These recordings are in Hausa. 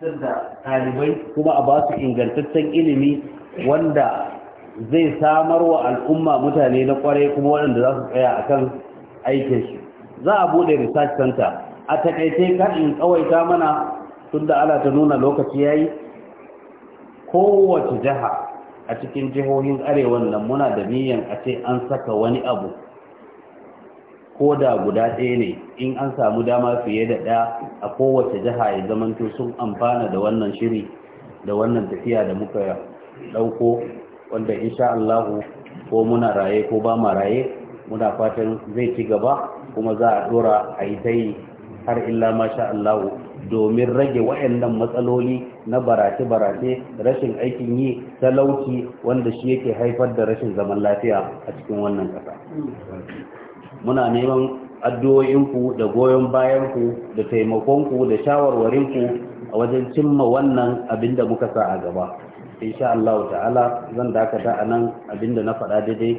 da ɗalibai kuma a basu ingantaccen ilimi wanda zai samar wa al'umma mutane na kwarai kuma waɗanda za su tsaya a kan aikinsu za a buɗe research center a taƙaice kan in tsawaita mana tun da ala ta nuna lokaci ya yi kowace jiha a cikin jihohin arewa nan muna da niyan a ce an saka wani abu ko da guda ɗaya ne in an samu dama fiye da ɗaya a kowace jiha ya zamanto sun amfana da wannan shiri da wannan tafiya da muka ɗauko wanda insha Allahu ko muna raye ko ba ma raye muna fatan zai ci gaba kuma za a dora a yi ta yi har illa masha Allahu domin rage wayannan matsaloli na barace-barace rashin aikin yi talauci wanda shi yake haifar da rashin zaman lafiya a cikin wannan ƙasa. muna neman addu'o'inku da goyon bayanku da taimakonku da shawarwarinku a wajen cimma wannan abin da muka sa a gaba insha Allah ta'ala zan dakata a nan da na faɗa daidai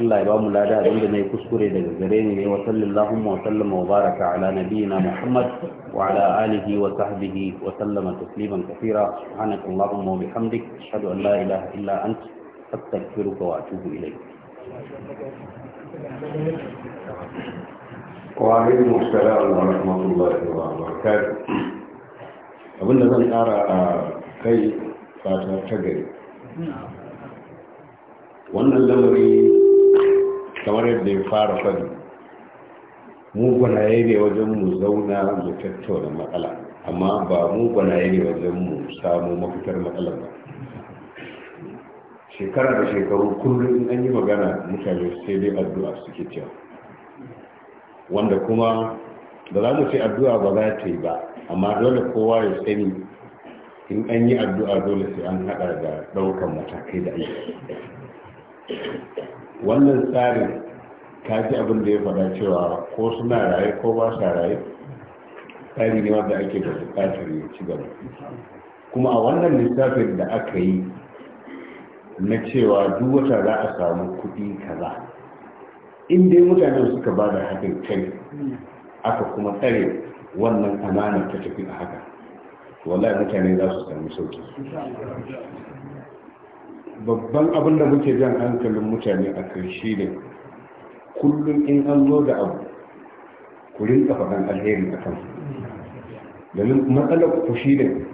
Allah ya ba mu lada da na yi kuskure daga gare ni wa sallallahu wa sallama wa baraka ala nabiyyina Muhammad wa ala alihi wa sahbihi wa sallama tasliman kathira subhanaka allahumma wa bihamdik ashhadu an la ilaha illa ant astaghfiruka wa atubu ilayk وعليكم السلام ورحمة الله وبركاته abin abinda zan tsara a kai fata ta gari wannan lamari kamar yadda ya fara fadi mu gwanaye ne wajen mu zauna mu tattauna matsala amma ba mu gwanaye ne wajen mu samu mafitar matsalar ba shekara da shekaru kullum in an yi magana mutane sai dai addu'a suke cewa wanda kuma da za mu ce addu'a ba za ta yi ba amma dole kowa ya sani in an yi addu'a dole sai an hada da daukan matakai da aiki wannan tsarin ji abin da ya faɗa cewa ko suna raye ko ba sa raye tsari ne wanda ake da bukatar ya ci gaba kuma a wannan lissafin da aka yi na cewa duk wata za a samu kuɗi kaza in dai mutane suka ba da haɗin kai aka kuma tsare wannan amana ta tafi a haka wallahi mutane za su sami sauki babban abin da muke jan hankalin mutane a kan shi ne kullum in an zo da abu ku rinka faɗan alheri a kan domin matsalar ku shi ne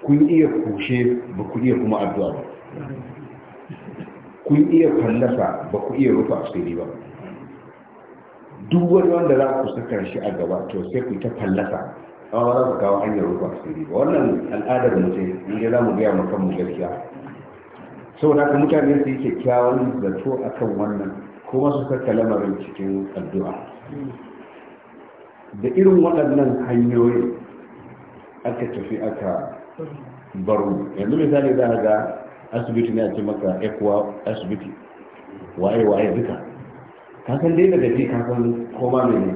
kun iya kushe ba ku iya kuma addu'a ba kun iya fallasa ba ku iya rufa asiri ba duk wani wanda za ku saka shi a gaba to sai ku ta fallasa a wani ku kawo hanyar rufa asiri ba wannan al'adar mu ce inda za mu biya mu mu gaskiya da ka mutane su yi kyakkyawan zato akan wannan kuma su saka lamarin cikin addu'a da irin waɗannan hanyoyi aka tafi aka baro yanzu misali za ga asibiti ne a ce maka ekuwa asibiti waye waye duka ka san dai daga ji ka san koma ne ne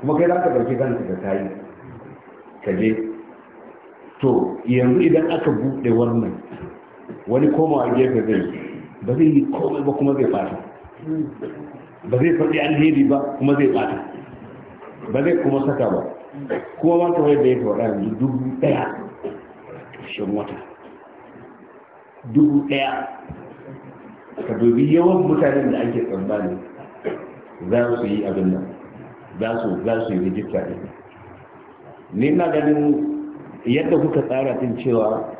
kuma kai za ka ɗauki kanka ka kayi ka je to yanzu idan aka buɗe wannan wani komawa gefe zai ba zai yi komai ba kuma zai fata ba zai faɗi alheri ba kuma zai fata ba zai kuma saka ba kuma ma kawai da ya faɗa yanzu dubu ɗaya shan wata dubu ɗaya ka dubi yawan mutanen da ake tsammani za su yi abin nan za su za su yi rijista ne ni na ganin yadda kuka tsara din cewa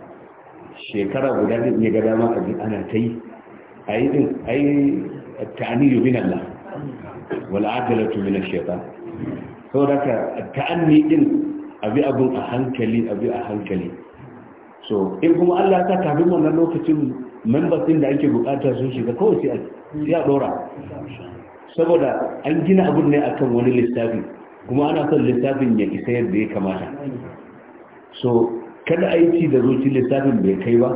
shekara guda din ya ga dama ka ji ana ta yi a yi din a yi ta'ani ta'aniyu min Allah wala adalatu min ash-shaytan saboda ka ta'anni din abi abun a hankali abi a hankali so in kuma Allah ta kafin wannan lokacin members din da ake bukata sun shiga kawai sai ya dora saboda an gina abun ne akan wani lissafi kuma ana son lissafin ya isa yadda ya kamata so kada a ci da zuci lissafin bai kai ba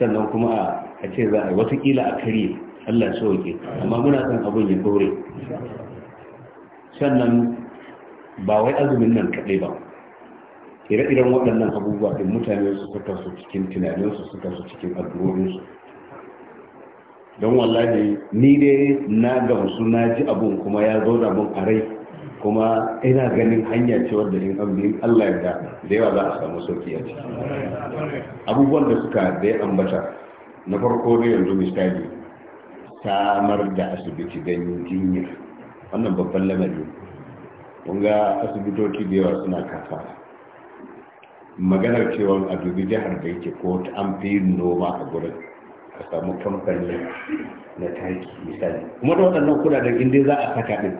sannan kuma a ce za a yi watakila a karye Allah so yake amma muna son abun ya dore sannan ba wai azumin nan kaɗai ba ire-iren waɗannan abubuwa din mutane su suka su cikin su suka su cikin su. don wallahi ni dai na gamsu na ji abun kuma ya zauna mun a rai kuma ina ganin hanya ce wadda in an biyu Allah ya da yawa za a samu sauki a ciki abubuwan da suka da ya ambata na farko da yanzu misali samar da asibiti don jinya wannan babban lamari kun ga asibitoci da yawa suna kafa maganar cewa a dubi jihar da yake ko ta an fi yin noma a gurin a samu kamfani na taki misali kuma da waɗannan kudaden inda za a saka ɗin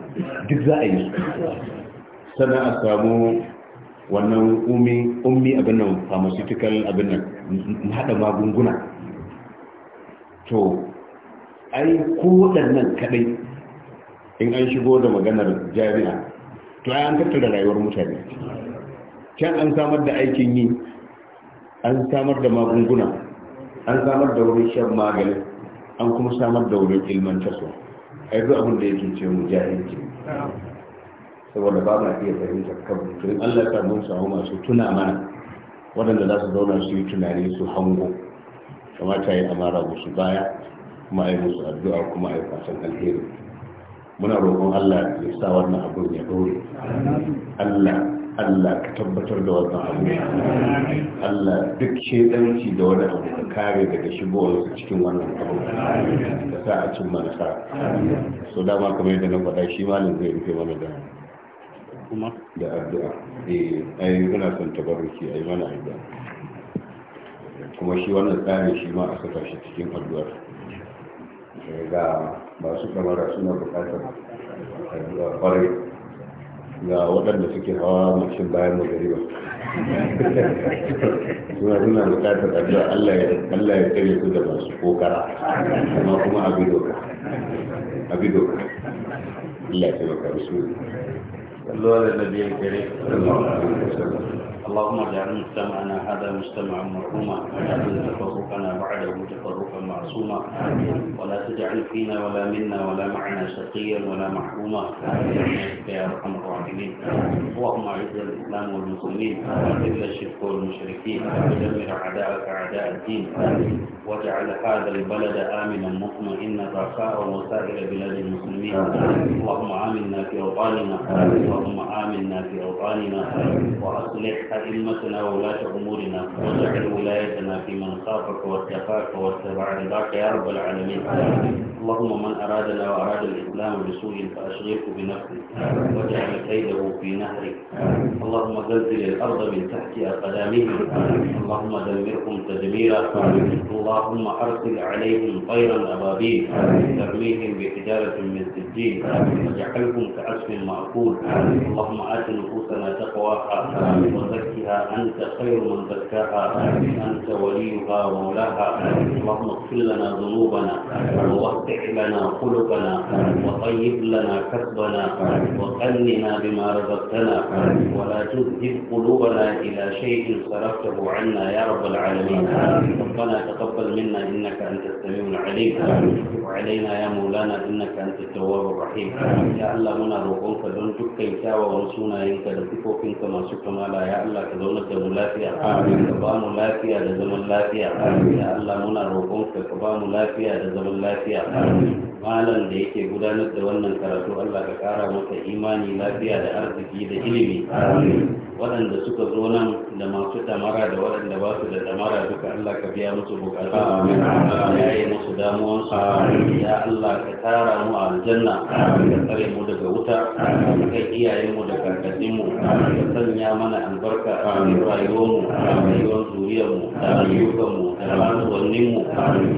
duk za a yi sannan a samu wannan umi ummi abin nan pharmaceutical abin nan haɗa magunguna to ai ko waɗannan kaɗai in an shigo da maganar jami'a to ai an tattara rayuwar mutane can an samar da aikin yi an samar da magunguna an samar da wurin shan magani an kuma samar da wurin ilmantar su ai duk abin da yake ce mu jahilci saboda ba ma iya fahimta kan mutum Allah ta mun samu masu tuna mana waɗanda za su zauna su yi tunani su hango kamata yi amara musu baya kuma ai musu addu'a kuma ai fatan alheri muna roƙon Allah ya sa wannan abin ya dore Allah Allah ka tabbatar da wannan abu Allah duk shedanci da wani abu ka kare daga su cikin wannan abu da sa a cin manasa. so dama kamar yadda na faɗa shi malin zai rufe mana da kuma da addu'a eh ai muna son tabarruki ai mana addu'a kuma shi wannan tsarin shi ma aka saka shi cikin addu'ar eh, ga masu kamar suna bukatar addu'a kwarai ga waɗanda suke hawa mashin bayan magariba suna suna bukatar addu'a Allah ya Allah ya tsare su da masu kokara amma kuma abi doka abi doka Allah ya taimaka musu صلوا على النبي الكريم اللهم اجعل مجتمعنا هذا مجتمعا مرحوما واجعل تفرقنا بعده تفرقا معصوما ولا تجعل فينا ولا منا ولا معنا شقيا ولا محروما يا ارحم الراحمين الراحلين اللهم اعز الاسلام والمسلمين واذل الشرك والمشركين ودمر اعداءك اعداء الدين واجعل هذا البلد امنا مطمئنا رخاء وسائر بلاد المسلمين اللهم امنا في اوطاننا اللهم امنا في اوطاننا واصلح ائمتنا وولاة امورنا واجعل ولايتنا في من خافك واتقاك واتبع رضاك يا رب العالمين اللهم من ارادنا واراد الاسلام بسوء فاشغله بنفسه واجعل كيده في نهره اللهم زلزل الأرض من تحت أقدامهم اللهم دمرهم تدميرا اللهم أرسل عليهم طيرا أبابيل ترميهم بحجارة من سجين واجعلهم كعشف معقول اللهم آت نفوسنا تقواها وزكها أنت خير من زكاها أنت وليها ومولاها اللهم اغفر لنا ذنوبنا ووسع لنا خلقنا وطيب لنا كسبنا وقلنا بما رزقتنا ولا تذهب قلوبنا إلى شيء صرفته عنا يا رب العالمين ربنا تقبل منا إنك أنت السميع العليم وعلينا يا مولانا إنك أنت التواب الرحيم يا الله منا روحونك دون تكي ساوى ونسونا إنك لتفوك إنك ما سكما لا يا الله كدون الدم لا فيها كبام لا فيها لزمن لا فيها يا الله منا روحونك كبام لا فيها لزمن لا فيها malam da yake gudanar da wannan karatu Allah ka kara masa imani lafiya da arziki da ilimi waɗanda suka zo nan da masu damara da waɗanda ba su da damara duka Allah ka biya musu bukata ya yi musu damuwansu ya Allah ka tara mu a aljanna ka tsare mu daga wuta ka kai iyayen mu da kakannin mu ka sanya mana albarka a rayuwar mu rayuwar zuriyar mu da ayyukan mu da rayuwar mu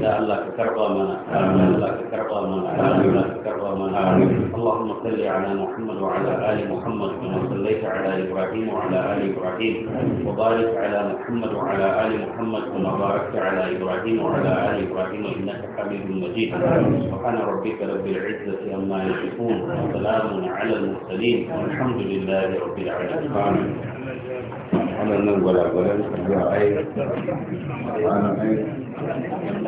da Allah ka karba mana Allah ka karba mana اللهم صل على محمد وعلى آل محمد كما صليت على إبراهيم وعلى آل إبراهيم وبارك على محمد وعلى آل محمد كما باركت على إبراهيم وعلى آل إبراهيم إنك حميد مجيد سبحان ربك رب العزة عما يصفون وسلام على المرسلين والحمد لله رب العالمين wannan nan gwalagwalar da ai